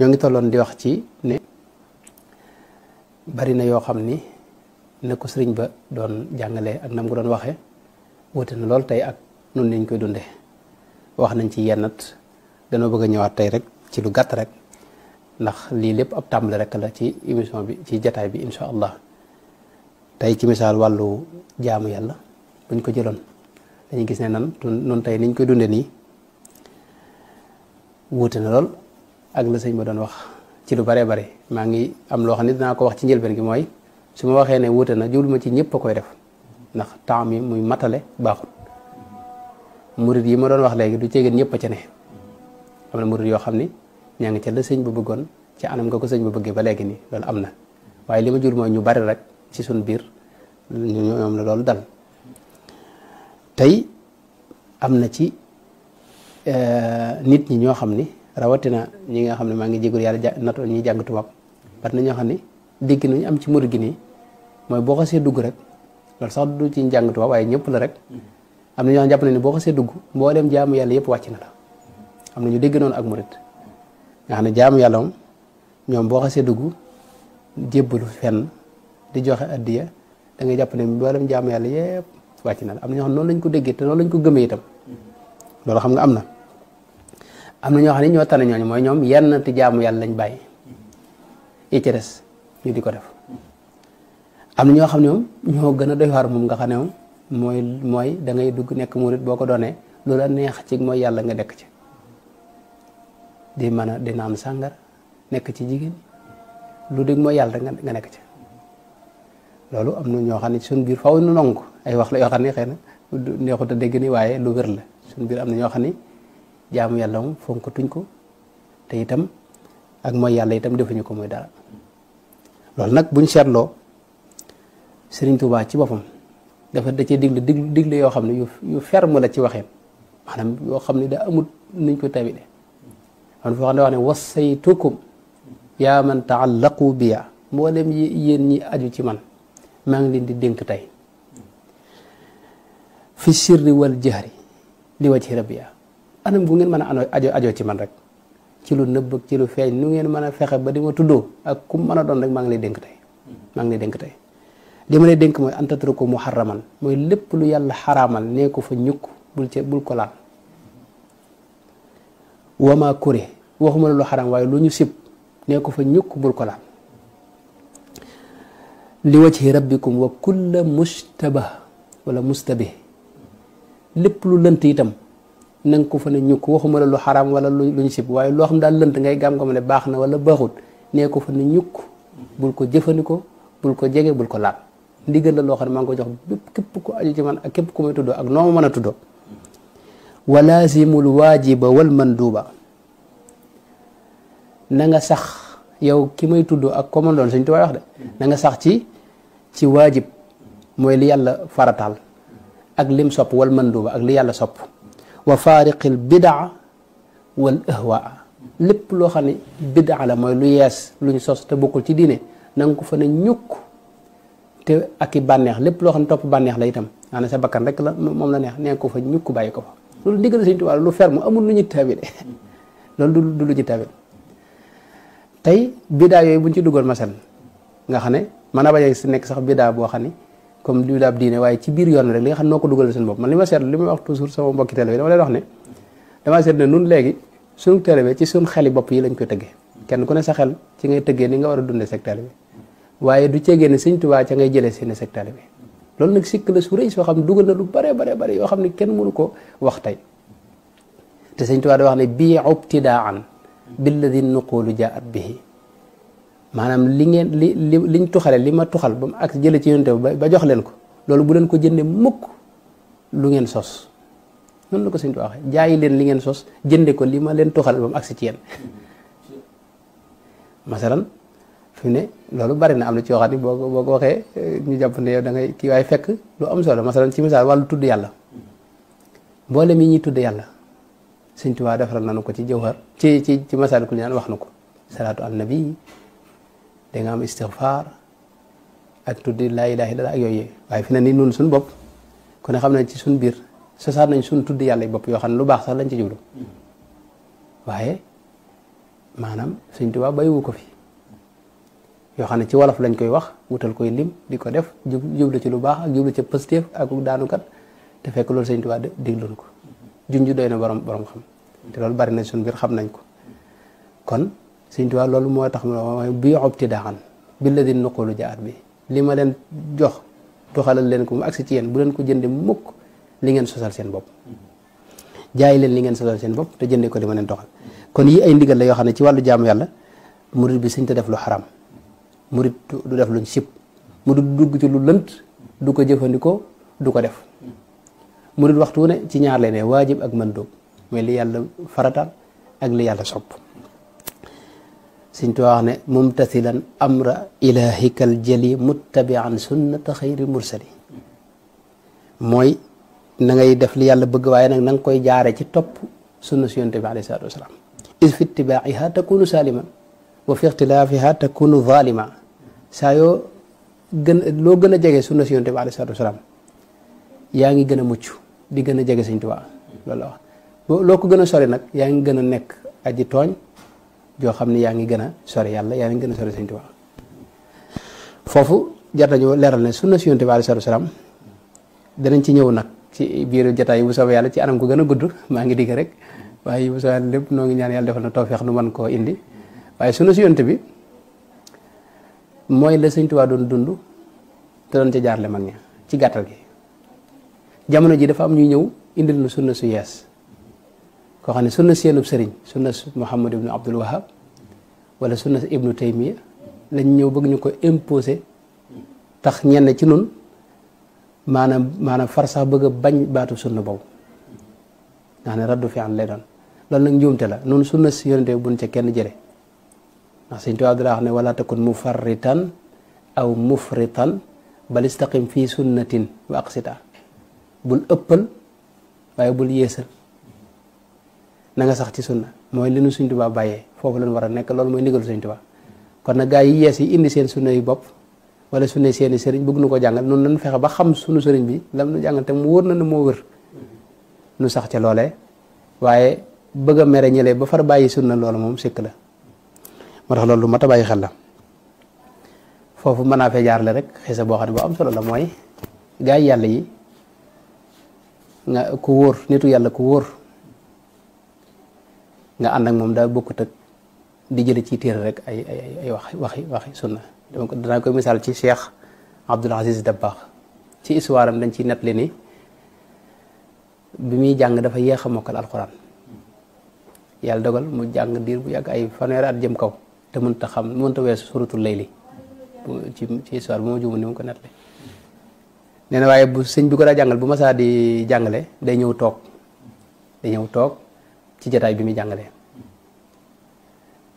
ñoo ngi lon di wax ci ne bari na yo xamni ne ko sëriñ ba doon jangale ak nam gu doon waxee wute na lool tay ak nun niñ koy dundé wax nañ ci yennat dañu bëgg ñëwaat tay rek ci lu gatt rek ndax li lepp ab tambal rek la ci émission bi ci jotaay bi inshallah allah ci misal walu jaamu yalla buñ ko jëloon dañu gis né nan nun tay niñ koy dunde ni wuute na lool ak la sëñ ma doon wax ci lu baree bare maa ngi am loo xam ne dinaa ko wax ci njëlbeen gi mooy su waxee ne wuute na jublu ma ci ñëpp koy def ndax temps mi muy matale baaxul murit yi ma doon wax léegi du ceegeen ñëpp a ca ne am yoo xam ni ñaa ngi ca la sëñ bëggoon ci anam nga ko sëñ ba bëggee ba léegi nii am na waaye li ma jur mooy ñu bari rek ci suñ biir ñoom la loolu dal tey am na ci eh, nit ñi ñoo xam ni rawatina ñi nga xamne ma ngi jégul yalla natoo ñi jang tubaab bari na ñoo xam dégg nañu am ci murid gi nii mooy boo xasee dugg rek loolu sax du ci jang tubaab waye ñepp la rek am nañu japp xam jàpp nañu ne boo xasee dugg mbooleem jaamu yalla yépp wacc na la am nañu ñu dégg noonu ak murid nga xamne jaamu yalla ñom ñoom boo xasee dugg jébbalu fenn di joxe addiya da ngay jàpp ne dem jaamu yalla yépp wacc na la am nañu non lañ ko déggee té non lañ ko gëmé itam loolu xam nga amna amna na ñoo xam ne ñoo tane ñooñu mooy ñoom yenn ti jaamu yalla lañ bay yi ci dess ñu diko def amna na ñoo xam ne ñoo gën doy war mum nga xam ne moy mooy da ngay dugg nek mourid boko ko doonee lu la neex ci moy yalla nga dekk ci di mana di dina sangar nek ci jigen lu dégg moy yalla nga nek ci lolu amna na ñoo xam ne suñu nu nong ay wax la yo xam xena neexu ta neexut ni waye lu wër la sun bir amna na ñoo jaamu yàlla moom fonkatuñ ko te ak mooy yàlla itam defuñu ko muy dara loolu nag buñ seetloo Sëriñ Tuubaa ci boppam dafa da cee digle digle digle yoo xam ne yu yu ferme la ci waxeem maanaam yoo xam ne da amut nuñ ko tawile man foo xam ne wax ne wasaytukum yaa man taallaqu biya mboolem yi yéen ñi aju ci man maa ngi leen di dénk tey fi sirri wal jahri li wajhi rabbiya anam gu ngeen mën a ano ajo ajo ci man rek ci lu nëbb ci lu feeñ nu ngeen mën a fexe ba di ma tuddoo ak ku mën a doon rek maa ngi lay dénk maa ngi lay dénk tey li ma lay dénk mooy antatru ko muharraman mooy lépp lu yàlla xaraamal nee ko fa ñukk bul ci bul ko laal wama kuré waxuma lu xaraam waaye lu ñu sib nee ko fa ñukk bul ko laal li wajhi rabbikum wa kulla mustabah wala mustabih lépp lu lënt itam nang ko fa ne ñuk waxuma la lu haram wala lu luñ sip waye lo xam dal leunt ngay gam gam ne baxna wala baxut ne ko fa ne ñuk bul ko jëfandikoo bul ko jege bul ko laat ndigal la lo xam ma ngi jox kep ko aji ci man ak kep ku may tuddo ak no ma mëna tuddo walazimul wajiba wal manduba na nga sax yow ki may tuddo ak ko man doon wax de na nga sax ci ci wajib moy li yalla faratal ak lim sop wal manduba ak li yalla sop wa faariqil bidaa wal ahwaa lépp loo xam ne bidaa la mooy lu yees luñ sos te bokkul ci diine na ko fa ne ñukk te ak i bànneex lépp loo xam ne topp bànneex la itam maanaam sa bakkan rek la moom la neex nee ko fa ñukk bàyyi ko fa loolu ndigal Sëñ Tuubaa lu ferme amul lu ñu tawil loolu du lu ñu tawil tey bidaa yooyu buñ ci duggoon masal nga xam ne mën a bañ a nekk sax biddaa boo xam ni comme luy daab diine waaye ci biir yoon rek li nga xam noo ko dugal seen bopp man li ma seetlu li may wax toujours sama mbokki télé bi dama leen wax ne damaa seet ne nun léegi suñu télé bi ci suñu xeli bopp yi lañ koy tëggee kenn ku ne sa xel ci ngay tëggee ni nga war a dundee sa télé bi waaye du ceegee ne ngay jëlee seeni sa loolu nag sikk la su soo xam ne dugal na lu bare bare bare yoo xam ne kenn mënu ko wax tey te sëñ Tuubaa da wax ne bii ubtidaan lu nuqulu jaat bihi manam li ngeen li li liñ tuxale li ma tuxal bam ak jële ci yonte ba jox leen ko loolu bu leen ko jënde mukk lu ngeen sos non la ko sëñ waxe jaay jaayi leen li ngeen sos jënde ko li ma leen tuxal bam ak ci yéen masalan fi ne loolu bari na am na ci waxati boko boko waxe eh, ñu japp ne yow da ngay ki way fekk lu am solo masalan ci misal walu tuddu yalla mi ñi tuddu yalla defal nañu ko ci ci ci ci ku ñaan wax nabi dengam nga am istighfar ak tuddi la ilaha illallah yoyé way fi na ni nun sun bop ku ne xam nañ ci bir sa sa nañ sun tuddi yalla bop yo xam lu bax sax lañ ci jublu waaye maanaam Sëñ Tuubaa bàyyiwu ko fi yo xam ci walaf lañ koy wax wutal koy lim di def jublu ci lu bax ak jublu ci positif ak kat te fek lol señ tuba digloon ko junju doyna borom borom xam te lol bari na sun bir xam nañ ko kon Sëñ waa loolu moo tax mu ne bii xobti daaxan bi la di lu jaar bi li ma leen jox doxalal leen ko mu agsi ci yéen bu leen ko jënde mukk li ngeen sosal seen bopp jaay leen li ngeen sosal seen bopp te jënde ko li ma leen doxal kon yi ay ndigal la yoo xam ne ci wàllu jaamu yàlla murit bi sëñ te def lu xaram murit du def lu sib mu du dugg ci lu lënt du ko jëfandikoo du ko def murit waxtu ne ci ñaar lay ne waajib ak mandóob mooy li yàlla farataal ak li yàlla sopp Sëñ Tuubaa wax ne mumtasilan amra ilahikal jëli muttabian sunnata xayri mursali mooy na ngay def li yàlla bëgg waaye nag na nga koy jaaree ci topp sunna si yonte bi alayhi salaatu wasalaam is fi itibaa'iha takunu saliman wa fi ixtilaafiha takunu zalima saa yoo gën loo gën a jege sunna si yonte bi alayhi salaatu wasalaam yaa ngi gën a mucc di gën a jege Sëñ Tuubaa loolu loo ko gën a sori nag yaa ngi gën a nekk aji tooñ joo xam ne yaa ngi gën a sori yàlla yaa ngi gën a sori Sëñ Tuubaa foofu jar nañu leeral ne sunna si Yonent bi aleyhi salaatu wa danañ ci ñëw nag ci biir jotaay bu soobee yàlla ci anam ko gën a gudd maa ngi digg rek waaye bu soobee yàlla lépp noo ngi ñaan yàlla defal na tawfeex nu mën koo indi waaye sunna si yoonte bi mooy la Sëñ Tuubaa doon dund te doon ca jaarle mag ña ci gàttal gi jamono ji dafa am ñuy ñëw indil nu sunna su yees ko xamne sunna seenu serigne sunna Muhammad ibn Abdul Wahab wala sunna ibnu Taymiya lañ ñew bëgg ñuko ko tax ñen ci nun manam manam far sax bëgg bañ baatu sunna bob dana raddu fi an laydan lool nak ñoomte la noonu sunna si yonente buñ ci kenn jere ndax seigne Tuubaa abdullah ne wala takun mufarritan aw mufritan bal istaqim fi sunnatin wa aqsita bul eppal waye bul yeesal na nga sax ci sunna mooy li nu Sëñ Tuubaa bàyyee foofu lañ war a nekk loolu mooy ndigalu Sëñ Tuubaa kon na gaa yi yees yi indi seen sunna yu bopp wala sunna seeni sëriñ bëgg nu ko jàngal noonu lañ fexe ba xam sunu sëriñ bi lam nu jàngal te mu wóor na nu moo wër sax ca loole waaye bëgg a mere ñële ba far bàyyi sunna loolu moom sikk la moo tax loolu lu mat bàyyi xel la foofu mën naa fee jaarale rek xisa boo xam ne boo am solo la mooy gaa yi yàlla yi nga ku yàlla ku wóor nga and ak mom da bokut ak di jële ci téré rek ay ay ay wax wax wax sunna donc dana ko misal ci Cheikh Abdoul Aziz Dabakh ci iswaram am dañ ciy nettali ni bi mi jang dafa yeex mokal alquran alxuraan dogal mu jang dir bu yàgg ay fanera at jëm kaw te ta xam ta wess suratul layli ci ci iswar bu ma ni mu ko nettali nee na bu bi ko da jangal bu sa di jangale day ñew tok day ñew tok ci jotaay bi mi jàngalee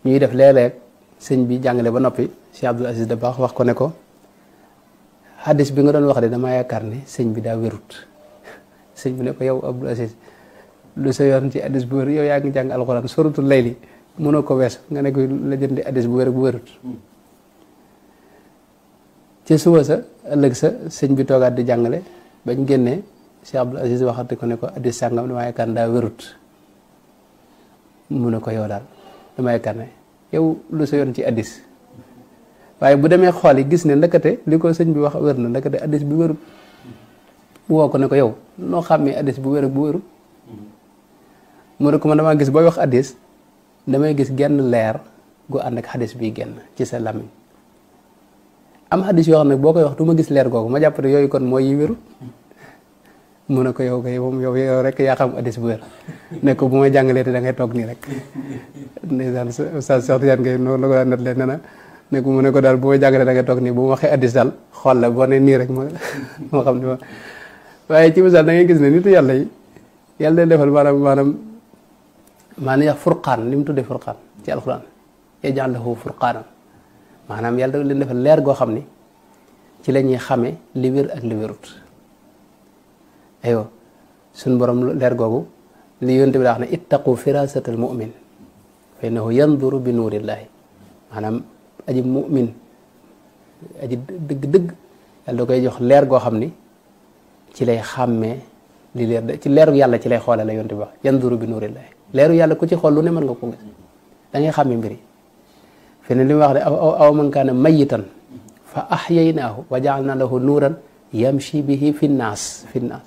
ñuy def léeg-léeg sëñ bi jàngale ba noppi Cheikh Abdoul Aziz da bax wax ko ne ko hadis bi nga doon wax de dama yaakaar ne sëñ bi daa wérut sëñ bi ne ko yow Abdoul Aziz lu sa yoon ci hadis bu wér yow yaa ngi jàng alxuraan soratul layli mënoo ko wees nga ne ko la jënd hadis bu wér bu wérut ci suba sa ëllëg sa sëñ bi toogaat di jàngale bañ génnee Cheikh Abdoul Aziz waxati ko ne ko hadis sàngam dama yaakaar daa wérut mu ne ko yow daal damay karne yow lu sa yoon ci addis waaye bu demee xool yi gis ne ndakate li ko sëñ bi wax wér na ndakate addis bi wérub woo ko ko yow noo xàmmee addis bu wér bu wérub mu ne ko man damaa gis booy wax addis damay gis genn leer gu ànd ak xadis bii genn ci sa làmmiñ am xadis yoo xam ne boo koy wax duma gis leer googu ma jàpp yooyu kon mooy yi wéru mu ne ko yow kay moom yow yow rek yaa xam addis bu wér ne ko bu may jàngalee te da ngay toog nii rek ndeysaan sa Cheikh Tidiane Gueye noonu la ko daan nettalee nee na ne ko mu ne ko daal bu may jàngalee da ngay toog nii bu ma waxee addis daal xool la boo ne nii rek moo ma xam ma waaye ci misaal da ngay gis ne nitu yàlla yàlla day defal ma maanaam maanaam yax furqaan li mu tuddee furqaan ci alxuraan yaj'al lahu furqaanan maanaam yàlla da leen defal leer goo xam ni ci la ñuy xamee li wér ak li aywa suñ borom leer googu li yonte bi daa wax ne ittaqu firasatal mu'min fa innahu yanduru bi nuurillaahi maanaam aji mu'min aji dëgg-dëgg yàlla koy jox leer goo xam ni ci lay xàmmee li leer ci leeru yàlla ci lay xoole la yonte bi wax yanduru bi nuurillaahi leeru yàlla ku ci xool ne mën nga ko gis da ngay xàmmee mbir yi feneen li mu wax ne aw aw kaana mayitan fa ahyaynaahu wa jaalna lahu nuuran yamshi bihi fi nnaas fi nnaas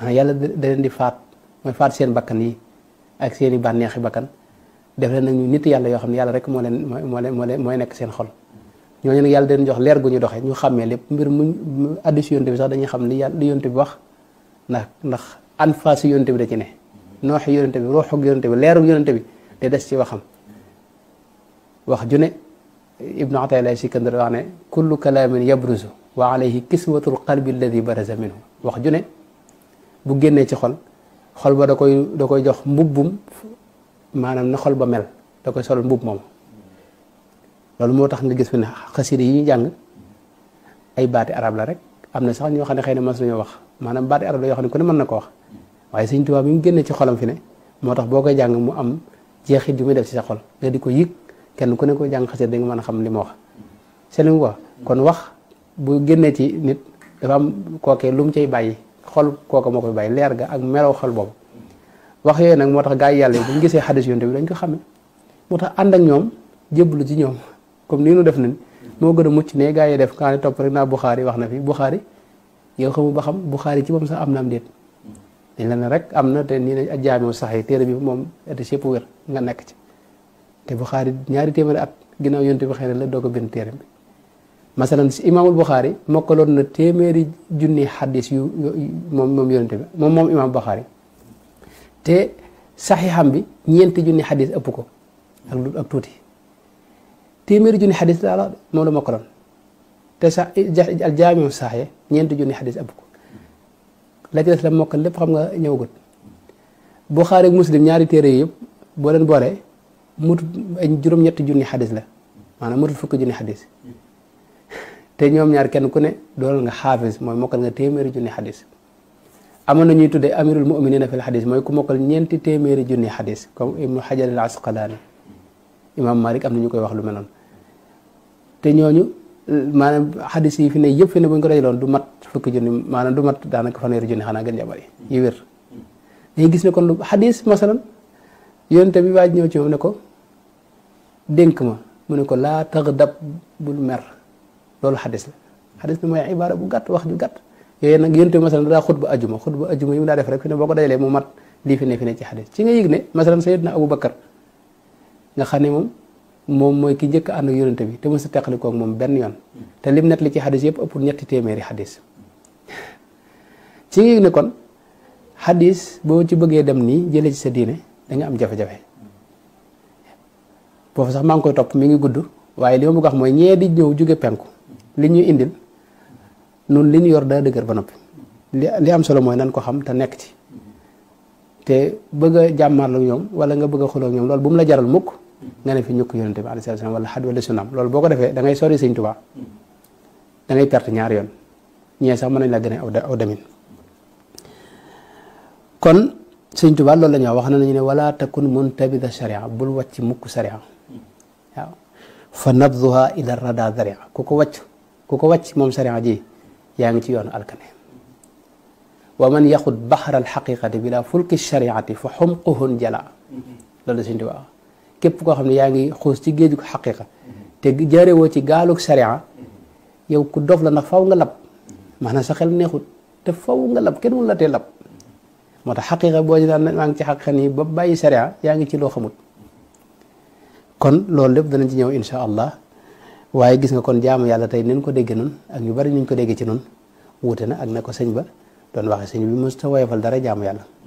maanaam yàlla da leen di faat mooy faat seen bakkan yi ak seen i bànneexi bakkan def leen nag ñu nit yàlla yoo xam ne yàlla rek moo leen moo leen moo leen mooy nekk seen xol ñooñu nag yàlla da leen jox leer gu ñu doxee ñu xàmmee lépp mbir mu addi si yonte bi sax dañuy xam li yàlla li yonte bi wax ndax ndax anfaasu yonte bi da ci ne nooxi yonte bi ruuxug yonte bi leerug yonte bi day des ci waxam wax ju ne ibnu ataylah sikandar wax ne kullu kalaamin yabruzu wa alayhi kiswatul qalbi alladi baraza minhu wax ju ne bu génnee ci xol xol ba da koy da koy jox mbubbum maanaam na xol ba mel da koy solal mbub moom loolu moo tax nga gis fi ne xasida yi ñuy jàng ay baati arab la rek am na sax ñoo xam ne xëy na mas nañoo wax maanaam baati arab la yoo xam ne ku ne mën na ko wax waaye Sëñ Tuubaa bi mu génnee ci xolam fi ne moo tax boo koy jàng mu am jeexit yu muy def ci sa xol nga di ko yëg kenn ku ne ko jàng xasida da mën a xam li mu wax c'est li kon wax bu génnee ci nit dafa am kookee lu cay bàyyi xol kooka moo ko bay leer ga ak melaw xol boobu wax yooyu nag moo tax gaa yi yàlla yi bu ñu gisee xadis yonte bi dañ ko xamee moo tax ànd ak ñoom jébbalu ci ñoom comme nii nu def na moo gën a mucc ne gaa yi def kaa ne topp rek naa Buxaari wax na fi Buxaari yoo xamu ba xam Buxaari ci moom sax am na am déet dañ la ne rek am na te nii a ajjaameo sax yi téere bi moom étage yëpp wér nga nekk ci te Buxaari ñaari téeméeri at ginnaaw yonte bi xëy na la doog a téere bi masalan si imaamul Buxaari mokkaloon na téeméeri junni xaddis yu moom moom moom moom imaamul Buxaari te saxiixam bi ñeenti junni xaddis ëpp ko ak tuuti téeméeri junni xaddis laa la moom la mokkaloon te sax al jaamiu saaxe ñeenti junni xaddis ëpp ko la ci la mokkal lépp xam nga ñëwagut Buxaari ak Muslim ñaari téere yëpp boo leen boolee mutut ay juróom-ñetti junni xaddis la maanaam mutut fukki junni xaddis te ñoom ñaar kenn ku ne doolal nga xaafis mooy mokkal nga téeméeri junni xadis amoon na ñuy tuddee amirul muminina fil xadis mooy ku mokkal ñeenti téeméeri junni xadis comme ibnu xajar al asqalaani imam malik am na ñu koy wax lu mel noonu te ñooñu maanaam xadis yi fi ne yëpp fi ne bu ñu ko dajaloon du mat fukki junni maanaam du mat daanaka fanweeri junni xanaa gën jabari yi wér dañuy gis ne kon lu xadis masalan bi waaj ñëw ci moom ne ko dénk ma mu ne ko laa tax dab bul mer loolu xadis la xadis bi mooy ibaara bu gàtt wax ju gàtt yooyu nag yéntu masalan daa xutba ajuma xutba ajuma yi mu daa def rek fi ne boo ko dajalee mu mat lii fi ne fi ne ci xadis ci nga yëg ne masalan sayidna abou bakar nga xam ne moom moom mooy ki njëkk ànd ak bi te mos a teqalikoog moom benn yoon te lim net li ci xadis yëpp pour ñetti téeméeri xadis ci nga yëg ne kon xadis boo ci bëggee dem nii jëlee ci sa diine da am jafe foofu sax maa ngi koy topp mi ngi gudd waaye li ma bëgg mooy ñee di ñëw jóge penku li ñu indil nun li ñu yor daa dëgër ba noppi li am solo mooy nan ko xam te nekk ci te bëgg a jàmmaarlu ñoom wala nga bëgg a xuloo ñoom loolu la jaral mukk nga ne fi ñukk yonente bi alayhi wala xad wala sunnaam loolu boo ko defee da ngay sori sëñ Tuubaa da ngay ñaar yoon ñee sax man nañ la gën a aw demin kon sëñ Tuubaa loolu la ñu wax na nañu ne wala takun muntabida sharia bul wàcc mukk sharia waaw fa nabduha ila rada daria ku ko wàcc kuko wacc mom moom ji yaangi ci yoonu alkane wa man bahr al haqiqati bila fulki shariati fa xumquhun jala lolu suñ di wax kep ko xamni yaangi ngi ci geejju haqiqa te jare wo ci galuk sharia yow ku dof la ndax faw nga lab maanaam sa xel neexut te faw nga lab ken mu la te lab haqiqa bo jidan ci ba bayyi sharia yaangi ci lo xamut kon lolu lepp dana ci ñew insha allah waaye gis nga kon jaamu yàlla tey nañ ko dégg noonu ak ñu bari ñu ko déggee ci noonu wuute na ak na ko sëñ ba doon waxe sëñ bi mosut a woyofal dara jaamu yàlla.